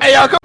hey, y'all, come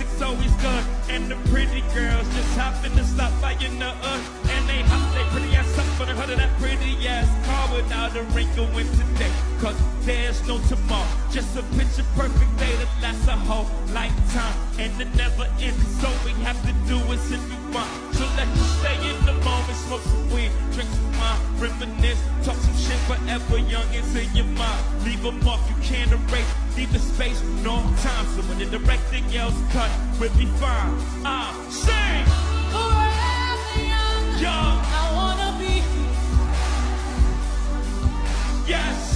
music's always done. And the pretty girls just hop to stop by in the us. And they hop they pretty ass up for the hood of that pretty ass car without a wrinkle in today. Cause there's no tomorrow. Just a picture perfect day that lasts a whole lifetime. And it never ends. So we have to do it if we want. So let me stay in the moment, smoke some weed, drink some wine, reminisce, talk some shit forever, young is in your mind. Leave them off, you can't erase, leave the space, no time. So when the director yells cut, we'll be fine. sing! Forever young, young. I wanna be. Yes!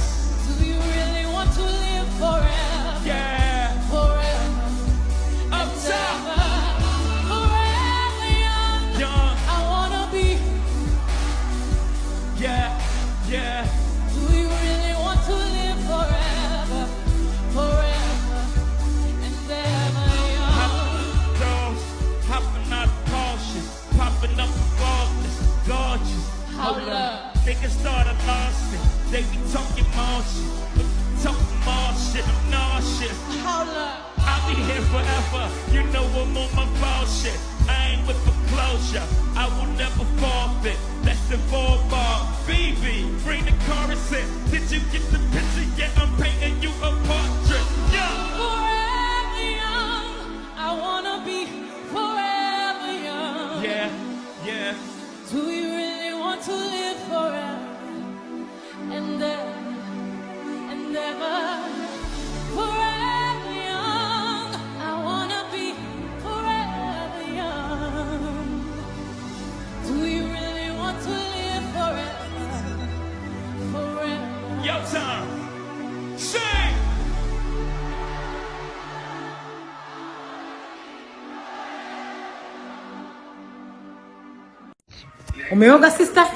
Umeoga sister?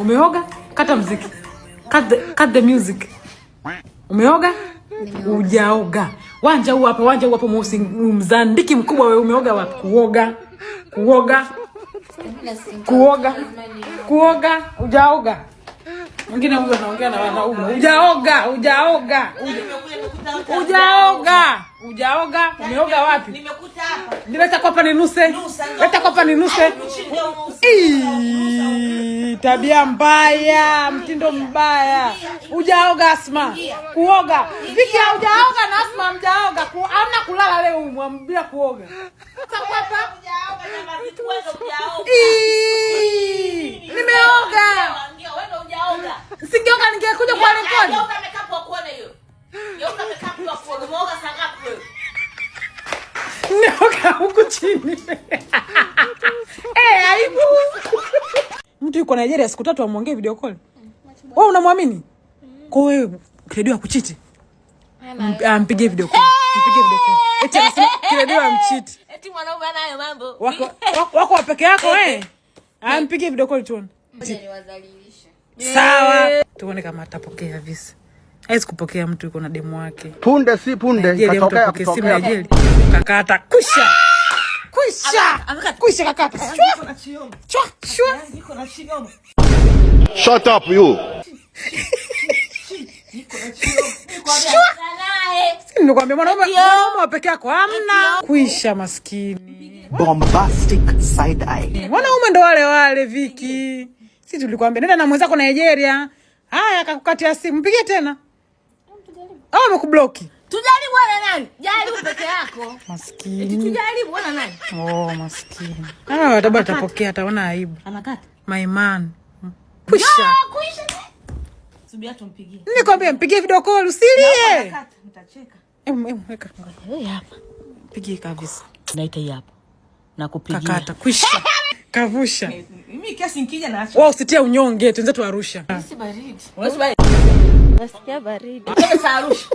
Umeoga? Kata mziki. Cut the, cut the music. Umeoga? Ujaoga. Wanja huu hapa, wanja huu hapa mweusi mzandiki mkubwa wewe umeoga wapi? Kuoga. Kuoga. Kuoga. Kuoga. Ujaoga. Mwingine huyo anaongea na wanaume. Ujaoga, ujaoga. Ujaoga. Ujaoga, Umeoga wapi? Nimekuta hapa. Nileta kwapa ninuse. Leta kwapa ninuse. Tabia mbaya, mtindo mbaya. Ujaoga Asma. Kuoga. Viki ujaoga na Asma mjaoga. Hamna kulala leo umwambia kuoga. Sasa kwapa. Ujaoga na mtu ujaoga. hujaoga. Eh, aibu. Mtu yuko Nigeria siku tatu amwongee video call. Wewe unamwamini? Kwa wewe Kiredio akuchiti. Ampige video call. Mpigie video call. Eh! Eti anasema Kiredio amchiti. Eti mwanaume anayo mambo. Wako wako peke yako wewe. Eh? Ampige video call tuone. Sawa. Tuone kama atapokea visa. Hawezi kupokea mtu yuko na demu wake. Punde si punde, katokea kutokea. Kakata kusha. Kwisha kaka. Eh, Shut up you. Nikwambia mwanaume wa peke yako hamna. maskini. Bombastic side eye. Wanaume ndo wale wale Viki. Si tulikwambia nenda na mwenzako Nigeria. Haya akakukatia simu, mpigie tena. Au amekubloki? Tujaribu wana nani? Jaribu peke yako. Maskini. Eti tujaribu wana nani? Oh, maskini. Ah, watabu atapokea ataona aibu. Anakata. My man. Pusha. No, kuisha. Subia tumpigie. Nikwambia mpigie video call usilie. Anakata, mtacheka. Em, em, weka. Ngoja hapa. Pigie kabisa. Naita hapa. Nakupigia. Kakata, kuisha. Kavusha. Mimi kesi nikija na Wao usitie unyonge, tuenze tu Arusha. Usibaridi. Usibaridi. Nasikia baridi. Arusha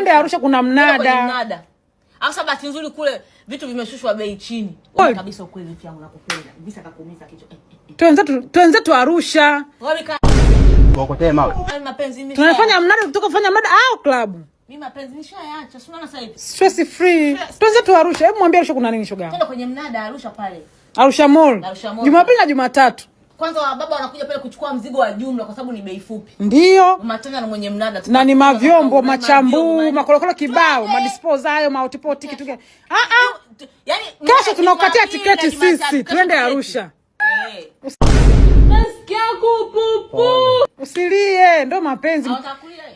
upande wa Arusha kuna mnada. Mnada. Hasa bahati nzuri kule vitu vimeshushwa bei chini. Kabisa ukweli pia unakupenda. Visa kakuumiza kichwa. Eh, eh, eh. Twenzetu twenzetu Arusha. Wakotee mawe. Mapenzi mimi. Tunafanya mnada kutoka kufanya mnada au club. Mimi mapenzi nishaacha. Sio na sasa hivi. Stress free. Twenzetu Arusha. Hebu mwambie Arusha kuna nini shoga? Twende kwenye mnada Arusha pale. Arusha Mall. Jumapili na Jumatatu kwanza wababa wanakuja pale kuchukua mzigo wa jumla kwa sababu ni bei fupi. Ndio. Matanga na mwenye mnada. Na ni mavyombo, machambu, makorokoro kibao, madisposal hayo, maotipoti kitu gani. Ah ah. yani kesho tunakukatia tiketi sisi, twende Arusha. Eh. Nasikia kupupu. Usilie, ndo mapenzi.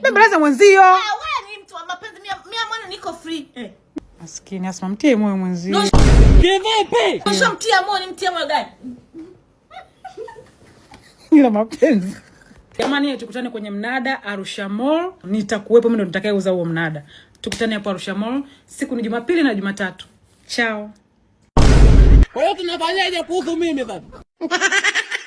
Bebe laza mwenzio. Ah, wewe ni mtu wa mapenzi, mimi mwana niko free. Eh. Maskini, asimamtie moyo mwenzio. Kivipi? Ushamtia ni nimtie moyo gani? ila mapenzi jamani, tukutane kwenye mnada Arusha Mall. Nitakuwepo mimi ndo nitakayeuza huo mnada. Tukutane hapo Arusha Mall, siku ni Jumapili na Jumatatu. Chao. Kwa hiyo tunafanyaje kuhusu mimi sasa?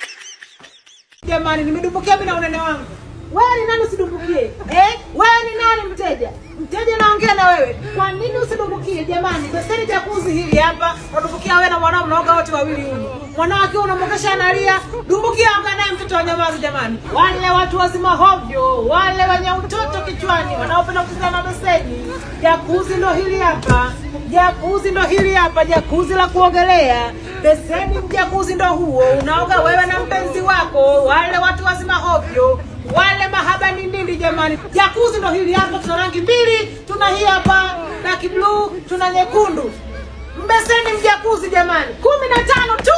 Jamani, nimedumbukia mimi na unene wangu. Wewe ni nani usidumbukie? Eh? Wewe ni nani mteja? Mteja naongea na wewe, kwa nini usidumbukie? Jamani, beseni jakuzi hili hapa, unadumbukia wewe na mwanao, mnaoga wote wawili huko, mwanao akiwa unamwongesha analia, dumbukia anga naye mtoto wa nyamazi. Jamani, wale watu wazima hovyo, wale wenye utoto kichwani, wanaopenda kucheza na beseni jakuzi, ndo hili hapa jakuzi, ndo hili hapa jakuzi la kuogelea, beseni mjakuzi ndo huo, unaoga wewe na mpenzi wako, wale watu wazima hovyo, wale mahaba nini hili jamani, jakuzi ndo hili hapa. Tuna rangi mbili, tuna hii hapa dark blue, tuna nyekundu. Mbeseni mjakuzi jamani, kumi na tano tu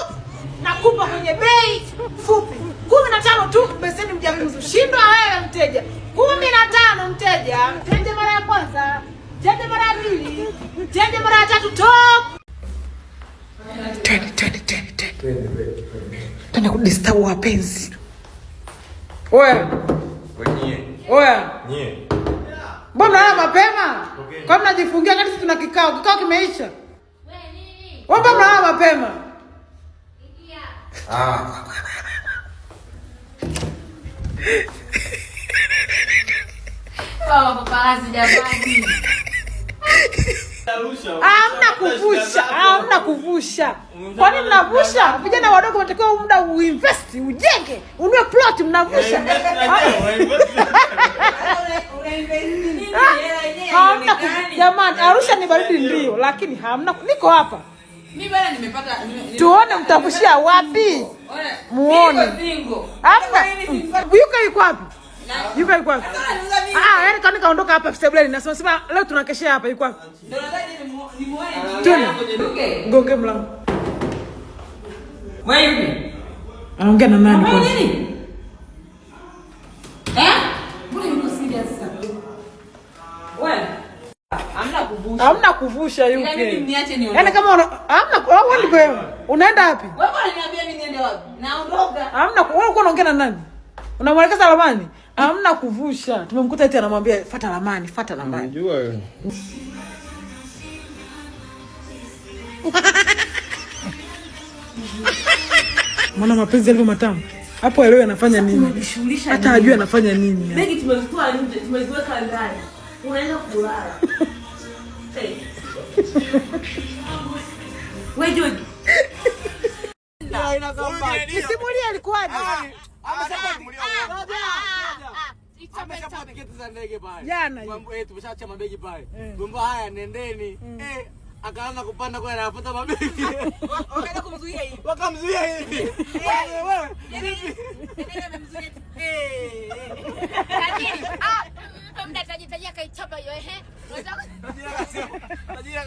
nakupa kwenye bei fupi, kumi na tano tu mbeseni mjakuzi. shindwa wewe mteja, kumi na tano mteja. Mteja mara ya kwanza, mteja mara ya pili, mteja mara ya tatu, top Tende kudistabu wapenzi. Oya. Oya. Nye. Mbona haya mapema? Okay. Kwa mnajifungia kati tuna kikao. Kikao kimeisha. Wewe nini? Mbona haya mapema? Ingia. Ah. Sawa, papazi jamani. Hamna kuvusha, hamna kuvusha. Kwani mnavusha? Vijana wadogo wanatakiwa muda uinvest, ujenge, unue plot mnavusha. Ah, jamani, Arusha ni baridi ndio, lakini hamna niko hapa. Mimi bwana nimepata tuone mtavushia wapi? Muone. Hamna. Yuko yuko wapi? Yuko yuko. Ah, yani kani kaondoka hapa sebuleni. Nasema sema leo tunakesha hapa yuko. Tuna. Gonge yaani mlango. Wewe yupi? Anaongea na nani kwa? Nini? Eh? Mbona yuko serious sasa? Wewe. Hamna kuvusha. Hamna kuvusha yuko. Mimi niache niondoke. Yaani kama hamna oh, wewe ndiko wewe. Unaenda wapi? Wewe unaniambia mimi niende wapi? Naondoka. Hamna wewe uko unaongea na nani? Unamwelekeza Ramani? hamna kuvusha. Tumemkuta eti anamwambia fata ramani, fata ramani. Unajua mwana mapenzi yalivyo matamu hapo, elewe anafanya nini, hata ajue anafanya nini. Begi tumezitoa nje, tumeziweka ndani, unaenda kulala wewe. Joji, nisimulie alikuwaje? Ah tiketi za ndege pale tumeshaacha mabegi pale, tumwambia haya, nendeni. Mm. Eh, akaanza kupanda kwa anafuta mabegi, wakamzuia hivi tajiri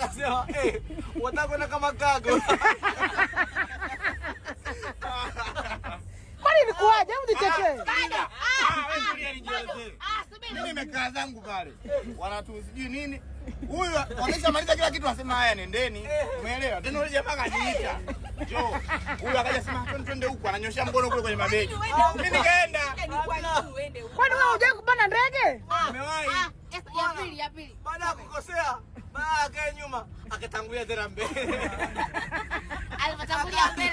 akasema watakwenda eh, kama kago Kwani ni kuaje? Hebu nitetee. Ah, ah, ah, Mimi nimekaa zangu pale. wanatu sijui nini? Huyu wameshamaliza kila kitu wasema haya nendeni. Umeelewa? Tena yule jamaa kaniita. Njoo. Huyu akaja sema twende huko ananyosha mkono kule kwenye mabegi. Mimi nikaenda. Kwani wewe hujai kupanda ndege? Umewahi? Ya pili, ya pili. Baada ya kukosea, baa akae nyuma, akatangulia tena mbele. Alipotangulia mbele.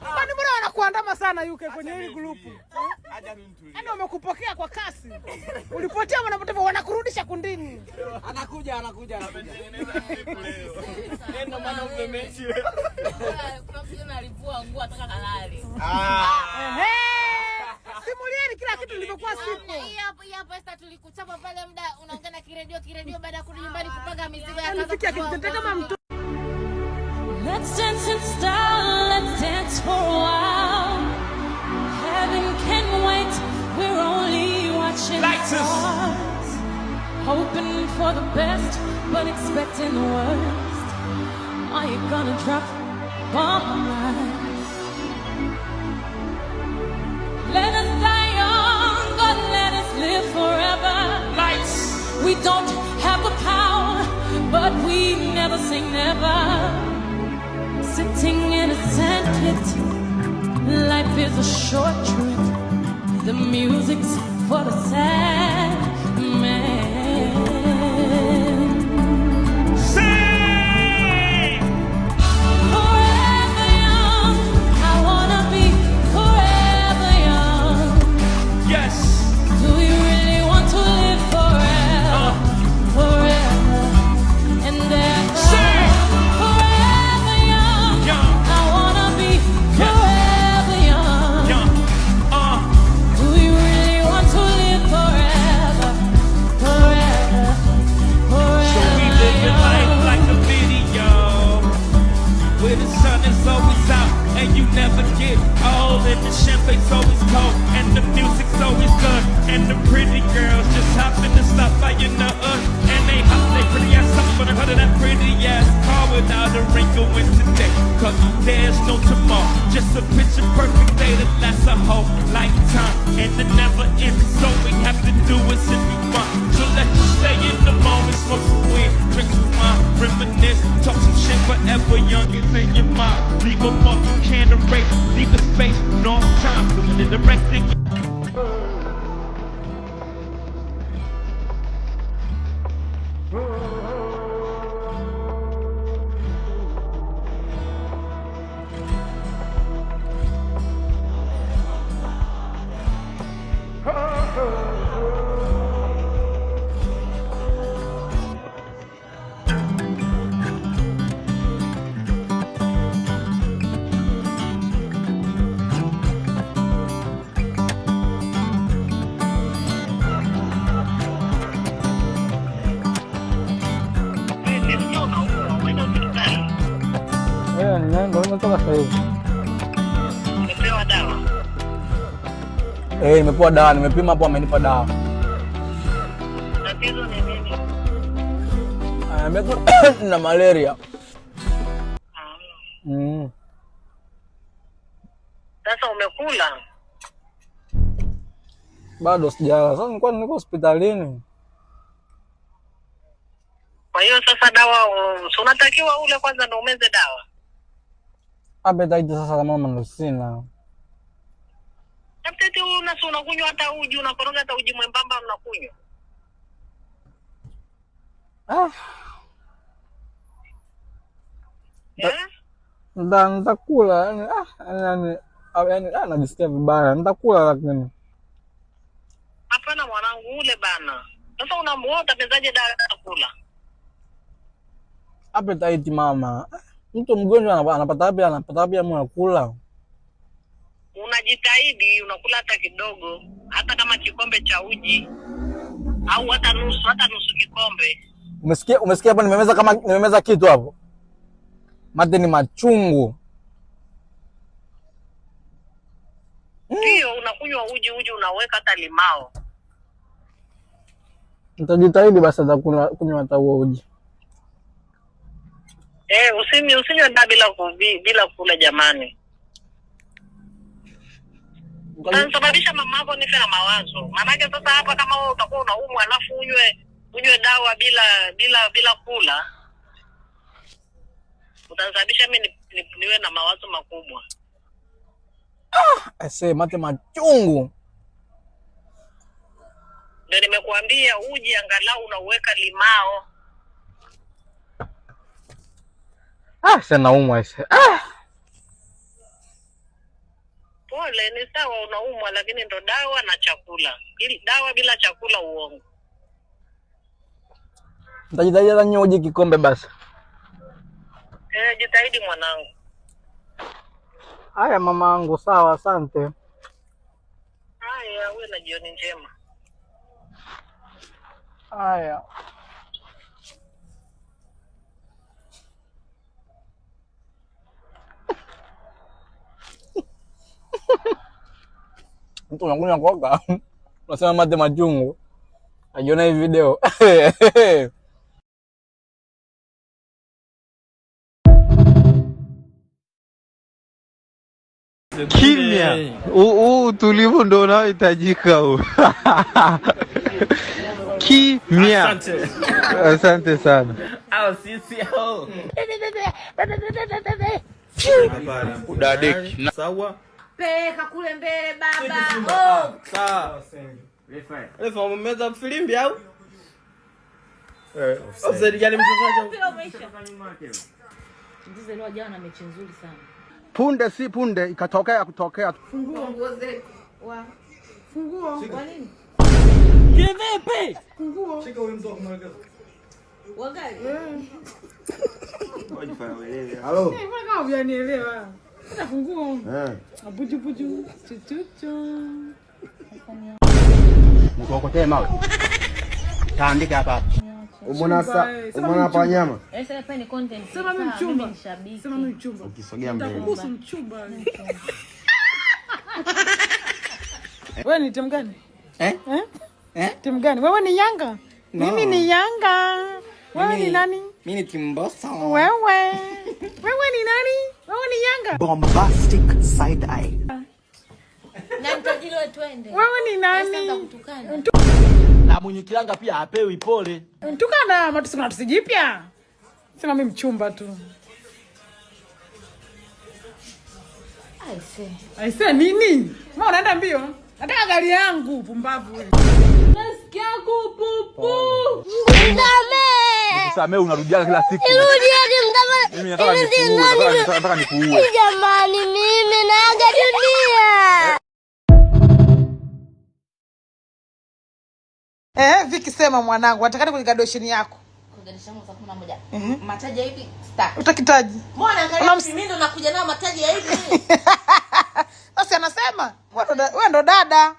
Kwani mbona wanakuandama sana yuke kwenye hili grupu? Hmm? Yaani wamekupokea kwa kasi. Ulipotea wanapotea wanakurudisha kundini. Anakuja anakuja anakuja. Nenda maana Kuna mtu analivua nguo ataka kalale. Ah. ah. Simulieni kila kitu lilivyokuwa Hii hapo hii hapo Esther tulikuchapa pale muda unaongea na kiredio kiredio baada ya kurudi ah. nyumbani kupanga mizigo ya yaani kaza. Kama in the worst? Are you gonna drop bomb lines? Let us die young, but let us live forever. Lights. We don't have the power, but we never say never. Sitting in a sandpit, life is a short trip. The music's for the sad. the rest kutoka sasa hivi. Nimepewa dawa eh? Nimepewa dawa, nimepima hapo, amenipa dawa. Tatizo ni nini? Ah, na malaria ah. mm. Sasa umekula? Bado sijala. Sasa nilikuwa niko hospitalini. Kwa hiyo sasa dawa unatakiwa ule kwanza, ndio umeze dawa abetaidi sasa, mama, ndo sina Kapteti huyu una na unakunywa hata uji unakoroga hata uji mwembamba unakunywa. Ah. Yeah? Nda nitakula yani ah yani ah, yani ah najisikia vibaya. Nitakula lakini. Hapana mwanangu ule bana. Sasa unamuota penzaje dada atakula. Appetite mama. Ah mtu mgonjwa anapata wapi? Anapata wapi ya kula? Unajitahidi, unakula hata kidogo, hata kama kikombe cha uji au hata nusu, hata nusu kikombe. Umesikia? Umesikia hapo? Nimemeza kama nimemeza kitu hapo, mate ni machungu. Mm. Ndio unakunywa uji, uji unaweka hata limao. Nitajitahidi basi, atakunywa kunywa hata huo uji. Eh, usinywe usinywe dawa bila bila kula jamani. Utasababisha mama yako nife na mawazo. Maana yake sasa hapa kama wewe utakuwa unaumwa alafu unywe unywe dawa bila bila bila kula. Utasababisha mimi ni, ni, niwe na mawazo makubwa. Ah, ese mate machungu. Ndio nimekuambia uji angalau unauweka limao. Ah, sasa naumwa sasa. Ah. Pole, ni sawa unaumwa, lakini ndo dawa na chakula. Ili dawa bila chakula uongo. Nitajitahidi hata nyoje kikombe basi. Eh, jitahidi mwanangu. Haya angu, sawa, asante. Haya, uwe na jioni njema. Haya. mtu unakunywa koka unasema mate machungu, ajiona hii video kimya. Huu utulivu ndo unaohitajika u Kimya. Asante. Asante sana. Au sisi au. Sawa peleka kule mbele baba. Oh. Ah, sawa. Refa, umemeza filimbi au? Eh, gani mchezaji? jana mechi nzuri sana. Punde si punde ikatokea kutokea. Funguo nguo Funguo. Kwa nini? Funguo. Eh. Mkokotee mawe. Taandika hapa eh, hapa. hapa wanyama? Eh, Ukisogea mbele. Wewe ni timu gani? Eh? Eh? Timu gani? Wewe ni Yanga? No. Mimi ni Yanga. Wewe ni nani? Mimi ni Timbosa. Wewe. Wewe ni nani? Wewe Yanga? Bombastic side eye. Wewe ni nani? Na mwenye pia apewi pole. Mtukana matusi na tusijipya. Sema mimi mchumba tu. Aise. Aise nini? Mbona unaenda mbio? Nataka gari yangu pumbavu wewe. Nasikia kupupu. Nisamee unisamee, unarudia kila siku. Mimi nataka nikuue. Jamani, mimi naaga dunia. Eh, Viki sema mwanangu, watakata kwenye graduation yako. Mhm. Utakitaji. Basi anasema, wewe ndo dada.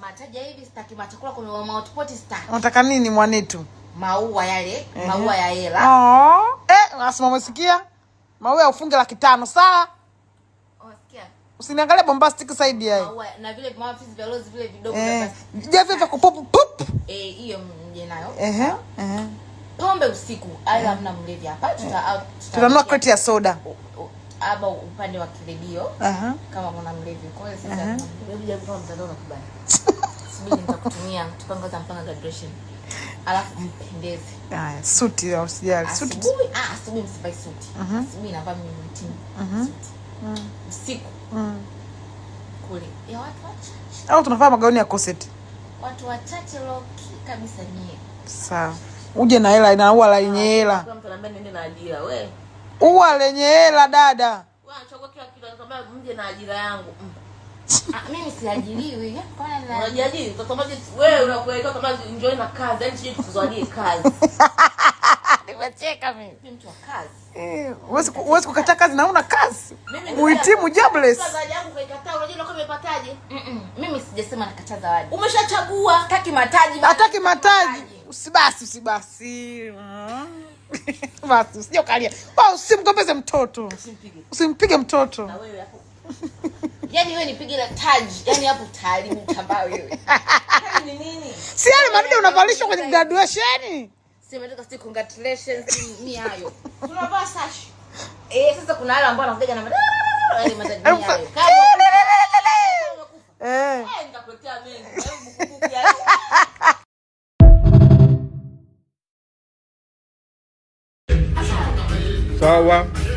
Mataji hivi hotpot Unataka nini mwanitu? maua yale, mm -hmm. maua ya hela. Oh, eh, lazima umesikia? Maua ya ufunge laki tano sawa? Unasikia? Oh, Usiniangalie bombastic side yeye. na vile mafizi vya rose vile vidogo eh. vya plastic. Je, vile vya kupop pop? Eh, hiyo mje nayo. eh eh Pombe usiku, ai eh. hamna mlevi hapa. Tuta eh. tutanunua crate ya soda. Aba upande wa kiredio. Aha. Kama kuna mlevi. Kwa hiyo sasa, hebu japo mtandao unakubali. Sibidi nitakutumia tupangaza mpanga graduation alafu mpendeze. Haya, suti au sijali suti. Asubuhi ah, asubuhi msivai suti. Mhm. navaa mimi mtini. Mhm. mhm. Usiku. Mhm. Kule. Ya watu wachache. Au tunavaa magauni ya corset. Watu wachache low key kabisa nyie. Sawa. Uje na hela na ua lenye ah, hela. Kuna mtu anambia niende na ajira wewe. Ua lenye hela dada. Wewe anachagua kila kitu anakuambia mje na ajira yangu. Mm. Ah, mimi siajiriwi. Yaani, Unajiajiri? Mtoto wewe unakuelekea kama enjoy na kazi. Yaani sijui tukuzawadie kazi. Nimecheka mimi. Mimi mtu wa kazi. Eh, huwezi huwezi kukataa kazi na una kazi. Uhitimu jobless. Kazi yangu kaikataa. Unajua na kama Mimi sijasema nakataa zawadi. Umeshachagua. Hataki mataji. Hataki mataji. Usibasi usibasi. Mm. Basi usije ukalia. Usimgombeze mtoto. Usimpige. Usimpige mtoto. Na wewe hapo. yani wewe nipige na taji. Yaani hapo tayari wewe. Yaani ni nini? Si yale madude unavalishwa kwenye graduation. si congratulations ni hayo. Tunavaa sash. Eh, sasa kuna wale ambao wanakuja na madude yaani yale Eh. eh